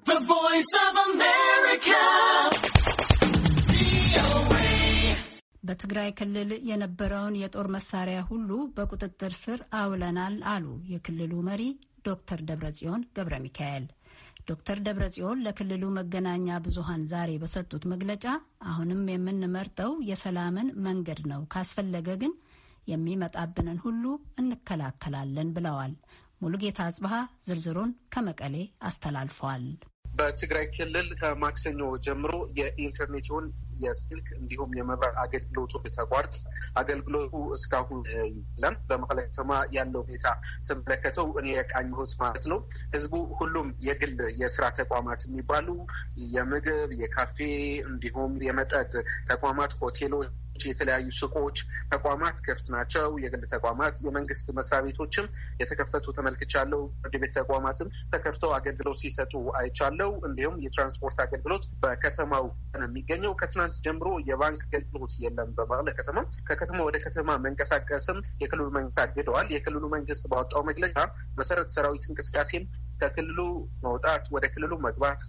The Voice of America. በትግራይ ክልል የነበረውን የጦር መሳሪያ ሁሉ በቁጥጥር ስር አውለናል አሉ የክልሉ መሪ ዶክተር ደብረጽዮን ገብረ ሚካኤል። ዶክተር ደብረጽዮን ለክልሉ መገናኛ ብዙሃን ዛሬ በሰጡት መግለጫ አሁንም የምንመርጠው የሰላምን መንገድ ነው፣ ካስፈለገ ግን የሚመጣብንን ሁሉ እንከላከላለን ብለዋል። ሙሉጌታ አጽብሃ ዝርዝሩን ከመቀሌ አስተላልፏል። በትግራይ ክልል ከማክሰኞ ጀምሮ የኢንተርኔትን የስልክ እንዲሁም የመብራት አገልግሎቱ ተቋርጦ አገልግሎቱ እስካሁን የለም። በመቀለ ከተማ ያለው ሁኔታ ስመለከተው እኔ የቃኘሁት ማለት ነው። ህዝቡ ሁሉም የግል የስራ ተቋማት የሚባሉ የምግብ፣ የካፌ እንዲሁም የመጠጥ ተቋማት ሆቴሎች የተለያዩ ሱቆች፣ ተቋማት ክፍት ናቸው። የግል ተቋማት፣ የመንግስት መስሪያ ቤቶችም የተከፈቱ ተመልክቻለሁ። ፍርድ ቤት ተቋማትም ተከፍተው አገልግሎት ሲሰጡ አይቻለው። እንዲሁም የትራንስፖርት አገልግሎት በከተማው የሚገኘው። ከትናንት ጀምሮ የባንክ አገልግሎት የለም በመቀለ ከተማ። ከከተማ ወደ ከተማ መንቀሳቀስም የክልሉ መንግስት አግደዋል። የክልሉ መንግስት ባወጣው መግለጫ መሰረት ሰራዊት እንቅስቃሴም ከክልሉ መውጣት፣ ወደ ክልሉ መግባት፣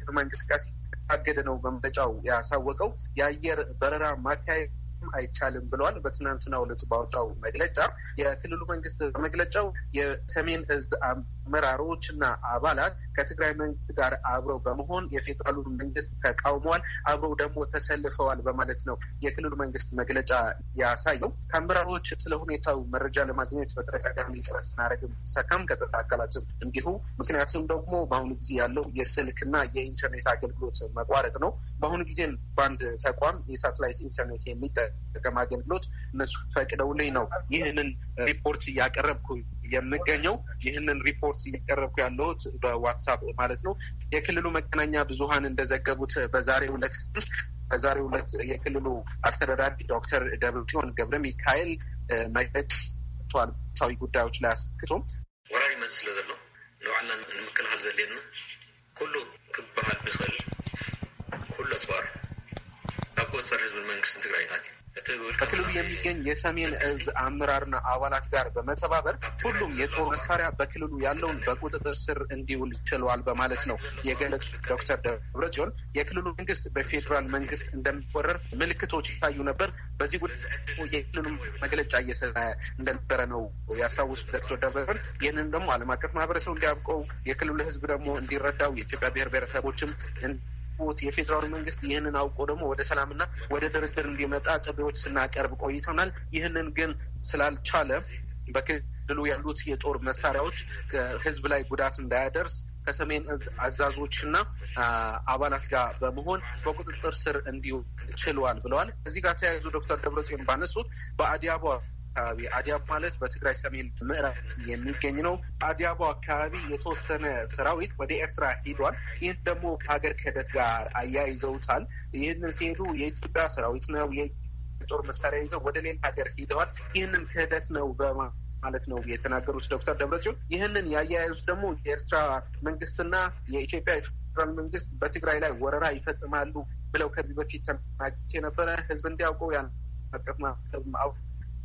ከተማ እንቅስቃሴ ታገደ ነው መመጫው ያሳወቀው። የአየር በረራ ማካሄድ አይቻልም ብለዋል። በትናንትናው ዕለት ባወጣው መግለጫ የክልሉ መንግስት መግለጫው የሰሜን እዝ አመራሮች እና አባላት ከትግራይ መንግስት ጋር አብረው በመሆን የፌዴራሉ መንግስት ተቃውመዋል፣ አብረው ደግሞ ተሰልፈዋል በማለት ነው የክልሉ መንግስት መግለጫ ያሳየው። ከአመራሮች ስለ ሁኔታው መረጃ ለማግኘት በተደጋጋሚ ጥረት ስናደርግም ሰከም ከጸጥታ አካላትም እንዲሁ። ምክንያቱም ደግሞ በአሁኑ ጊዜ ያለው የስልክና የኢንተርኔት አገልግሎት መቋረጥ ነው። በአሁኑ ጊዜም በአንድ ተቋም የሳተላይት ኢንተርኔት የሚጠ የመጠቀም አገልግሎት እነሱ ፈቅደውልኝ ነው ይህንን ሪፖርት እያቀረብኩ የምገኘው። ይህንን ሪፖርት እያቀረብኩ ያለሁት በዋትሳፕ ማለት ነው። የክልሉ መገናኛ ብዙኃን እንደዘገቡት በዛሬው ዕለት በዛሬው ዕለት የክልሉ አስተዳዳሪ ዶክተር ደብረጽዮን ገብረ ሚካኤል መግለጫ ሰጥተዋል። ወቅታዊ ጉዳዮች ላይ አስመልክቶም ወራሪ ስለ ዘሎ ንባዕልና ንምክልኻል ዘድልየና ኩሉ ክበሃል ብዝኽእል ኩሉ ኣፅዋር ኣብ ቁፅር ህዝብን መንግስትን ትግራይ ናት ከክልሉ የሚገኝ የሰሜን እዝ አመራርና አባላት ጋር በመተባበር ሁሉም የጦር መሳሪያ በክልሉ ያለውን በቁጥጥር ስር እንዲውል ችሏል በማለት ነው የገለጹት ዶክተር ደብረጽዮን የክልሉ መንግስት በፌዴራል መንግስት እንደሚወረር ምልክቶች ይታዩ ነበር። በዚህ ጉዳይ የክልሉ መግለጫ እየሰጠ እንደነበረ ነው ያስታውሱት ዶክተር ደብረጽዮን። ይህንን ደግሞ ዓለም አቀፍ ማህበረሰቡ እንዲያውቀው የክልሉ ህዝብ ደግሞ እንዲረዳው የኢትዮጵያ ብሔር ብሔረሰቦችም ያልገቡት የፌዴራል መንግስት ይህንን አውቆ ደግሞ ወደ ሰላምና ወደ ድርድር እንዲመጣ ጥሪዎች ስናቀርብ ቆይተናል። ይህንን ግን ስላልቻለ በክልሉ ያሉት የጦር መሳሪያዎች ህዝብ ላይ ጉዳት እንዳያደርስ ከሰሜን እዝ አዛዞችና አባላት ጋር በመሆን በቁጥጥር ስር እንዲውል ችሏል ብለዋል። እዚህ ጋር ተያይዞ ዶክተር ደብረጽዮን ባነሱት አበባ። አካባቢ አዲያቦ ማለት በትግራይ ሰሜን ምዕራብ የሚገኝ ነው። አዲያቦ አካባቢ የተወሰነ ሰራዊት ወደ ኤርትራ ሂዷል። ይህን ደግሞ ከሀገር ክህደት ጋር አያይዘውታል። ይህንን ሲሄዱ የኢትዮጵያ ሰራዊት ነው የጦር መሳሪያ ይዘው ወደ ሌላ ሀገር ሂደዋል። ይህንን ክህደት ነው በማ ማለት ነው የተናገሩት ዶክተር ደብረጽዮን። ይህንን ያያያዙት ደግሞ የኤርትራ መንግስትና የኢትዮጵያ የፌዴራል መንግስት በትግራይ ላይ ወረራ ይፈጽማሉ ብለው ከዚህ በፊት ተናግቼ ነበረ። ህዝብ እንዲያውቀው ያን አቀፍ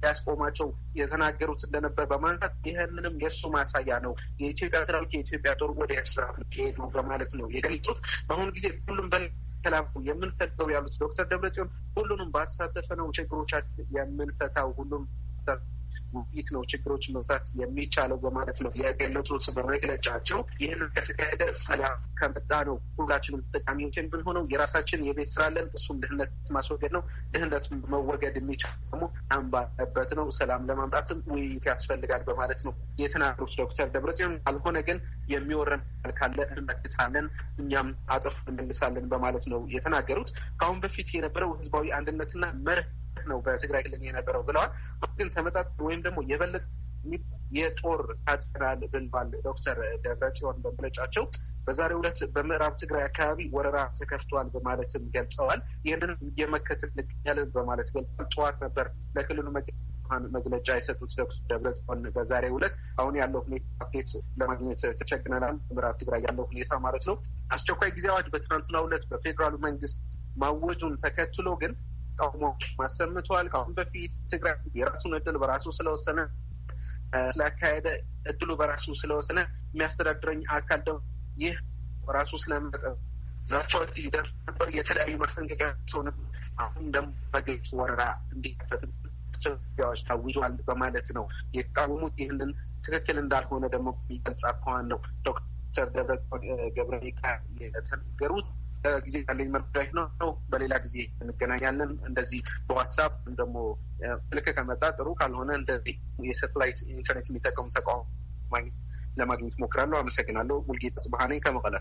ያስቆማቸው የተናገሩት እንደነበር በማንሳት ይህንንም የእሱ ማሳያ ነው የኢትዮጵያ ሰራዊት የኢትዮጵያ ጦር ወደ ኤርትራ ሄዱ በማለት ነው የገለጹት። በአሁኑ ጊዜ ሁሉም በተላፉ የምንፈልገው ያሉት ዶክተር ደብረጽዮን ሁሉንም ባሳተፈ ነው ችግሮቻችን የምንፈታው ሁሉም ውይይት ነው ችግሮችን መፍታት የሚቻለው በማለት ነው የገለጹት በመግለጫቸው። ይህን ከተካሄደ ሰላም ከመጣ ነው ሁላችንም ተጠቃሚዎችን ብንሆነው። የራሳችን የቤት ስራ አለን። እሱም ድህነት ማስወገድ ነው። ድህነት መወገድ የሚቻለው ደግሞ አንባለበት ነው። ሰላም ለማምጣትም ውይይት ያስፈልጋል በማለት ነው የተናገሩት ዶክተር ደብረጽዮን። ካልሆነ ግን የሚወረን ካለ እንመክታለን፣ እኛም አጽፍ እንመልሳለን በማለት ነው የተናገሩት። ከአሁን በፊት የነበረው ህዝባዊ አንድነትና መርህ ነው በትግራይ ክልል የነበረው ብለዋል። ግን ተመጣጥ ወይም ደግሞ የበለጠ የጦር ታጥቀናል ብንባል ዶክተር ደብረጽዮን በመግለጫቸው በዛሬው ዕለት በምዕራብ ትግራይ አካባቢ ወረራ ተከፍቷል በማለትም ገልጸዋል። ይህንን እየመከትን እንገኛለን በማለት ገልጸዋል። ጠዋት ነበር ለክልሉ መግለጫ የሰጡት ዶክተር ደብረጽዮን በዛሬው ዕለት አሁን ያለው ሁኔታ አፕዴት ለማግኘት ተቸግነናል፣ ምዕራብ ትግራይ ያለው ሁኔታ ማለት ነው። አስቸኳይ ጊዜ አዋጅ በትናንትናው ዕለት በፌዴራሉ መንግስት ማወጁን ተከትሎ ግን ተቃውሞ አሰምቷል። ከአሁን በፊት ትግራይ የራሱን እድል በራሱ ስለወሰነ ስላካሄደ እድሉ በራሱ ስለወሰነ የሚያስተዳድረኝ አካል ደግሞ ይህ በራሱ ስለመጠ ዛቻዎች ይደርስ ነበር። የተለያዩ ማስጠንቀቂያ ሰው አሁን ደግሞ በገጭ ወረራ እንዲከፈት ዎች ታውጇል በማለት ነው የተቃወሙት። ይህንን ትክክል እንዳልሆነ ደግሞ የሚገልጽ አኳኋን ነው ዶክተር ደብረ ገብረ ሚካኤል የተናገሩት። ጊዜ ያለኝ መረጃ ነው። በሌላ ጊዜ እንገናኛለን። እንደዚህ በዋትሳፕ ደግሞ ልክ ከመጣ ጥሩ፣ ካልሆነ እንደ የሳተላይት ኢንተርኔት የሚጠቀሙ ተቋም ለማግኘት ሞክራለሁ። አመሰግናለሁ። ሙልጌታ ጽባህ ነኝ ከመቀለ።